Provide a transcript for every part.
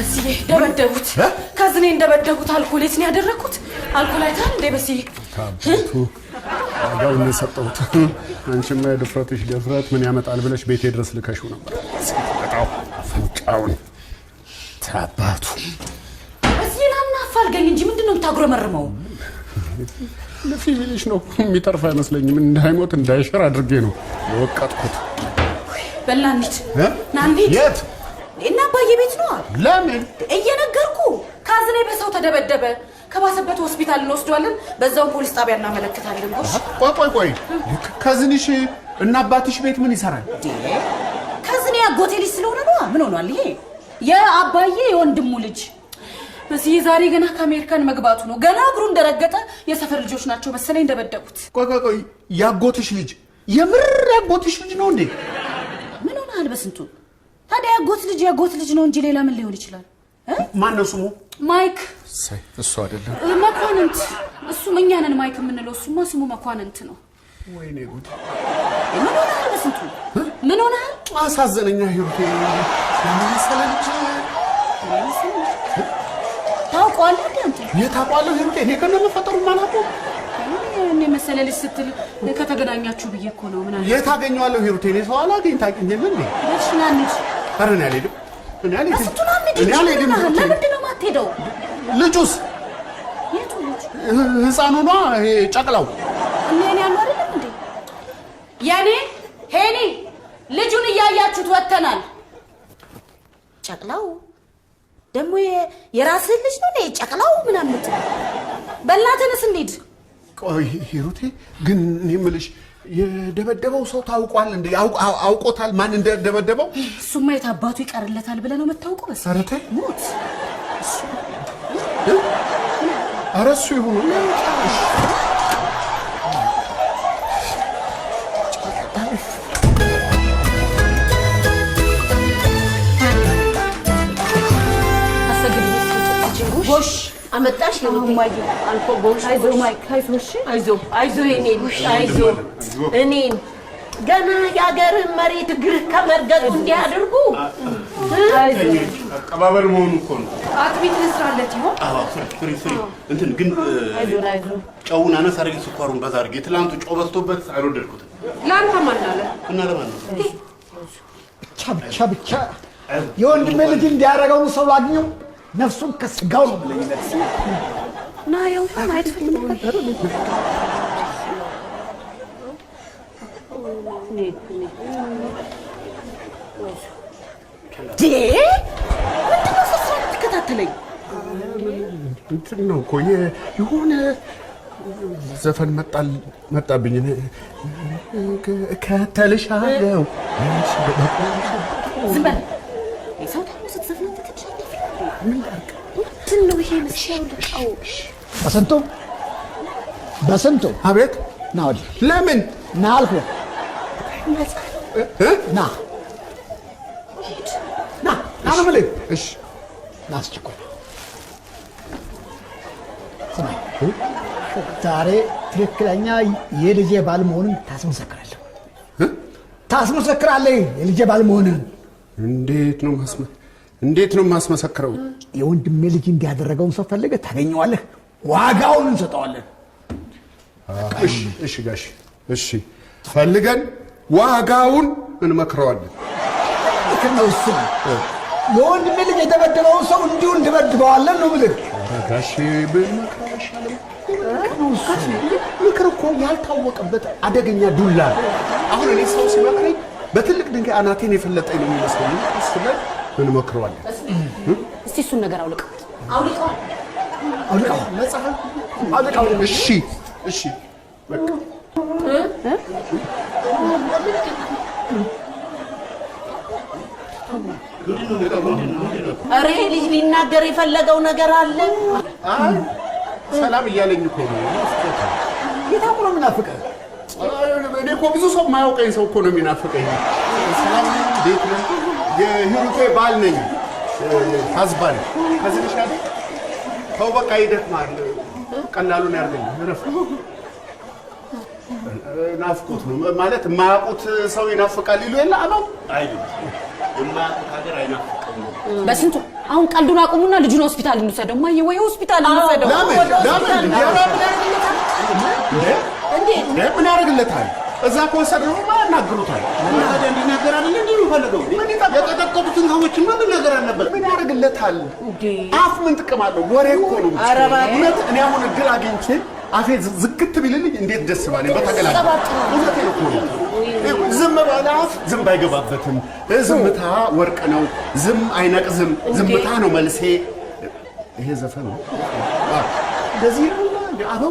በስዬ ደበደቡት። ከዝኔ እንደበደቡት አልኮሌት ነው ያደረኩት። አልኮል አይታል እንዴ በስዬ ጋር ነው የሰጠሁት። አንቺማ የድፍረትሽ ድፍረት ምን ያመጣል ብለሽ ቤቴ ድረስ ልከሽው ነበር። ሲጣጣው ፍንጫውን ታባቱ በስዬ ናና አፋልገኝ እንጂ ምንድን ነው የምታጉረመርመው? ልፊ ቢልሽ ነው የሚተርፍ አይመስለኝም። እንዳይሞት እንዳይሽር አድርጌ ነው የወቀጥኩት። በላኒት ናኒት የት በየቤት ነው። ለምን እየነገርኩ ካዝኔ በሰው ተደበደበ። ከባሰበት ሆስፒታል እንወስደዋለን፣ በዛውም ፖሊስ ጣቢያ እናመለክታለን። ጎሽ ቆይ ቆይ ቆይ፣ እና አባትሽ ቤት ምን ይሰራል? ከዝኔ አጎቴ ልጅ ስለሆነ ነው። ምን ሆኗል? ይሄ የአባዬ የወንድሙ ልጅ በዚህ ዛሬ ገና ከአሜሪካን መግባቱ ነው። ገና እግሩ እንደረገጠ የሰፈር ልጆች ናቸው መሰለኝ እንደበደቁት። ቆይ ቆይ ቆይ፣ ልጅ የምር ያጎትሽ ልጅ ነው እንዴ? ምን ሆናል? በስንቱ ታዲያ የጎት ልጅ የጎት ልጅ ነው እንጂ ሌላ ምን ሊሆን ይችላል? ማን ነው ስሙ? ማይክ። እሱ አይደለም መኳንንት። እሱ እኛ ነን ማይክ የምንለው። እሱማ ስሙ መኳንንት ነው። ወይኔ ጉድ! ምን ሆነሃል? በስንቱ ምን ሆነሃል? አሳዘነኛ ሂሩቴ። ለምሳሌ ታውቀዋለህ እንዴ ሂሩቴ? እኔ ከነመፈጠሩ ማላውቀው እኔ መሰለ ልጅ ስትል ከተገናኛችሁ ብዬ እኮ ነው። ምን አለ የት አገኘዋለሁ ሂሩቴ? እኔ ሰው አላገኝ ታውቂ እንዴ? ምን ነው ኧረ እኔ አልሄድም። ማትሄደው ልጁስ ህፃኑ ኗ ጨቅላው የኔ ሄኒ ልጁን እያያችሁት ወተናል። ጨቅላው ደግሞ የራስህ ልጅ ነው። ጨቅላው ምናምን በላትንስ እንሂድ። ቆይ ሂሩቴ ግን እኔ የምልሽ የደበደበው ሰው ታውቋል እንዴ? አውቆታል? ማን እንደደበደበው? እሱማ የት አባቱ ይቀርለታል ብለህ ነው የምታውቀው? መሰረተ ሞት አረሱ ይሁኑ አመጣሽ እኔን ገና የሀገርህን መሬት እግርህ ከመርገጡ እንዲያደርጉ አቀባበል መሆኑ እኮ ነው። ግን ጨውን አነስ አድርጌ ስኳሩን በዛ አድርጌ ትላንቱ ጨው በዝቶበት አልወደድኩትም። ለአንተ እና ለማን ነው? ብቻ ብቻ ብቻ የወንድሜ ልጅ እንዲያደርገው ሰው አግኘው ነፍሱን ከስጋው ነው የምለይለት እና ያው አይፈልግም ትከታተለኝ እንትን ነው እኮ የሆነ ዘፈን መጣብኝ። ከተልሻለው በስንቱ በስንቱ አቤት ና ወዲህ ለምን ና ና ና አስቸኳይ ዛሬ ትክክለኛ የልጄ ባል መሆንን ታስመሰክራለህ ታስመሰክራለህ የልጄ ባል መሆንን እንዴት ነው ማስመ እንዴት ነው የማስመሰክረው? የወንድሜ ልጅ እንዲያደረገውን ሰው ፈልገ ታገኘዋለህ። ዋጋውን እንሰጠዋለን። እሺ ጋሽ፣ እሺ ፈልገን ዋጋውን እንመክረዋለን። ከነውስ የወንድሜ ልጅ የተበደለውን ሰው እንዲሁ እንደበድበዋለን ነው ብልህ ጋሽ ምክር እኮ ያልታወቀበት አደገኛ ዱላ ነው። አሁን እኔ ሰው ሲመክረኝ በትልቅ ድንጋይ አናቴን የፈለጠኝ ነው የሚመስለኝ። እንሞክረዋለን። እስቲ እሱን ነገር አውልቀው አውልቀው አውልቀው መጽሐፍ አውልቀው። እሺ እሺ በቃ ኧረ ይሄ ልጅ ሊናገር የፈለገው ነገር አለ። ሰላም እያለኝ እኮ ነው። የታቁ ነው የምናፍቀህ? እኔ እኮ ብዙ ሰው የማያውቀኝ ሰው እኮ ነው የሚናፍቀኝ። ሰላም ቤት ነው የሂሩቴ ባል ነኝ። ሀዝባን ከዚህ ልሻል ተው በቃ ይደክማል። ቀላሉን ያርገኝ ረፍ ናፍቆት ነው ማለት የማያውቁት ሰው ይናፍቃል ይሉ የለ አባው በስንቱ አሁን ቀልዱን አቁሙና ልጁን ሆስፒታል እንውሰደው። ማየ ወይ ሆስፒታል እንውሰደው። ምን ያደርግለታል? እዛ ኮንሰርት ነው ያናግሩታል። ታዲያ እንዲናገር አይደል እንዴ የሚፈልገው? የቀጠቀጡትን ምን መናገር አለበት። ምን ያደርግለታል? አፍ ምን ጥቅም አለው? ወሬ እኮ ነው። እውነት እኔ አሁን እድል አግኝቼ አፌ ዝክት ቢልልኝ እንዴት ደስ ባለኝ። በተገላ እውነቴ እኮ ነው። ዝም ባለ አፍ ዝም ባይገባበትም፣ ዝምታ ወርቅ ነው። ዝም አይነቅዝም። ዝምታ ነው መልሴ። ይሄ ዘፈን ነው እንደዚህ ነው አበው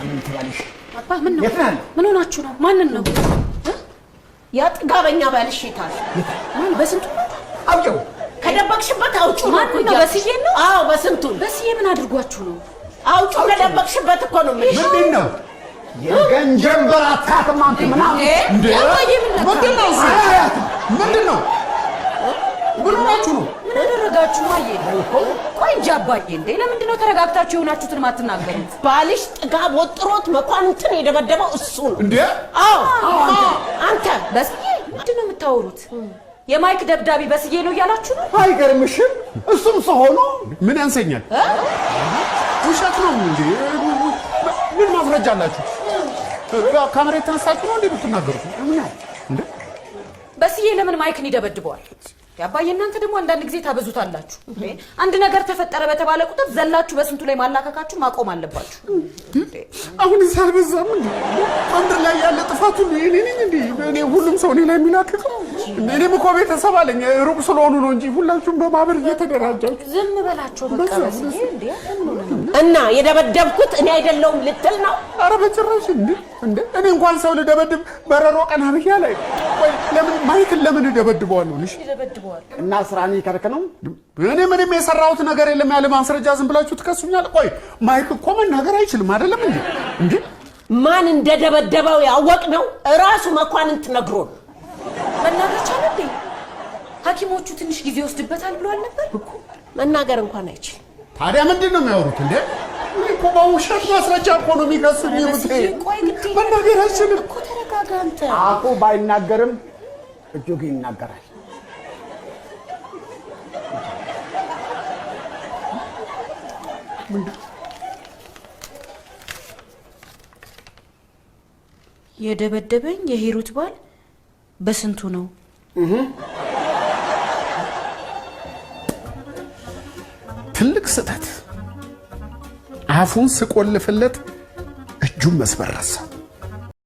ማንን ትባልሽ? አባ ምን ነው? ምን ሆናችሁ ነው? ማንን ነው? ያ ጥጋበኛ ባልሽ ይታል። ማን? በስንቱ አውጪው፣ ከደበቅሽበት አውጪው። ማን ነው? በስዬ ነው? አዎ፣ በስንቱ በስዬ። ምን አድርጓችሁ ነው? አውጪው፣ ከደበቅሽበት እኮ ነው። ምን ምንድን ነው? የገንጀል በራታት ማንት ምናምን እንዴ? ምንድን ነው? ምን ሆናችሁ ነው? ምን አደረጋችሁ? ማየ ቆይ እንጂ አባዬ፣ እንዴ ለምንድን ነው ተረጋግታችሁ የሆናችሁትን ማትናገሩት? ባልሽ ጥጋብ ወጥሮት መኳንንትን የደበደበው እሱ ነው እንዴ? አዎ አንተ በስዬ ምንድን ነው የምታወሩት? የማይክ ደብዳቤ በስዬ ነው እያላችሁ ነው? አይገርምሽም? እሱም ሰው ሆኖ ምን ያንሰኛል? ውሸት ነው እንዴ? ምን ማስረጃ አላችሁ? ካሜራ የተነሳችሁ ነው እንዴ የምትናገሩት? በስዬ ለምን ማይክን ይደበድበዋል? አባዬ እናንተ ደግሞ አንዳንድ ጊዜ ታበዙታላችሁ። አንድ ነገር ተፈጠረ በተባለ ቁጥር ዘላችሁ በስንቱ ላይ ማላካካችሁ ማቆም አለባችሁ። አሁን ሳልበዛም እንዲ አንድ ላይ ያለ ጥፋቱ እኔ ነኝ። እንዴ? እኔ ሁሉም ሰው እኔ ላይ የሚናክቀው እኔም እኮ ቤተሰብ አለኝ። ሩቅ ስለሆኑ ነው እንጂ ሁላችሁም በማህበር እየተደራጃችሁ ዝም በላቸው በቃ። እና የደበደብኩት እኔ አይደለሁም ልትል ነው? አረ በጭራሽ እንዴ! እንዴ! እኔ እንኳን ሰው ልደበድብ በረሮ ቀና ብያ ላይ ለምን ማይክል ለምን እደበድበዋለሁ? ልሽ እና ስራ እኔ ከልክለው እኔ ምንም የሰራሁት ነገር የለም ያለ ማስረጃ ዝም ብላችሁ ትከሱኛል። ቆይ ማይክ እኮ መናገር አይችልም አይደለም እንዴ? እንዴ! ማን እንደደበደበው ያወቅ ነው እራሱ መኳንንት ነግሮን መናገር ቻለ እንዴ? ሐኪሞቹ ትንሽ ጊዜ ይወስድበታል ብሏል ነበር እኮ መናገር እንኳን አይችልም። ታዲያ ምንድን ነው የሚያወሩት እንዴ? እኮ በውሸት ማስረጃ እኮ ነው የሚከሱኝ። መናገራችንም አፉ ባይናገርም እጅግ ይናገራል። የደበደበኝ የሂሩት ባል በስንቱ ነው? ትልቅ ስህተት አፉን ስቆልፍለት እጁን መስበር ረሳው።